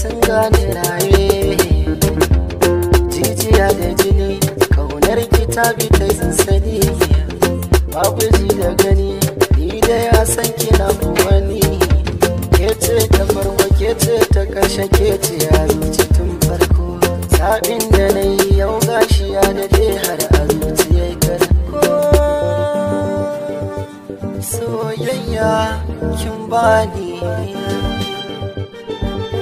sun gane raye jijiya da jini kaunar ki ta yi sansani ba guji da gani ni da ya san kina wani ke ce ta farko ke ce ta ƙarshe ke ce ya zuci tun farko sabin da na yi yau gashi ya dai har a zuciyar kar soyayya kin bani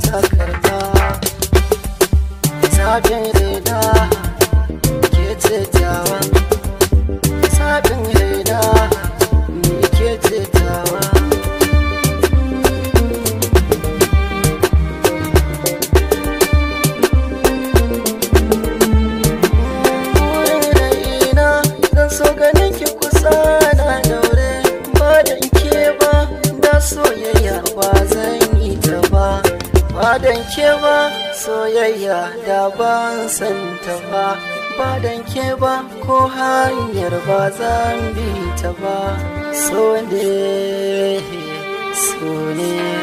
takarda ta daidai da ke ce ba dan ba soyayya da ban santa ba ba dan ba ko hanyar ba zan bi ta ba so ne so ne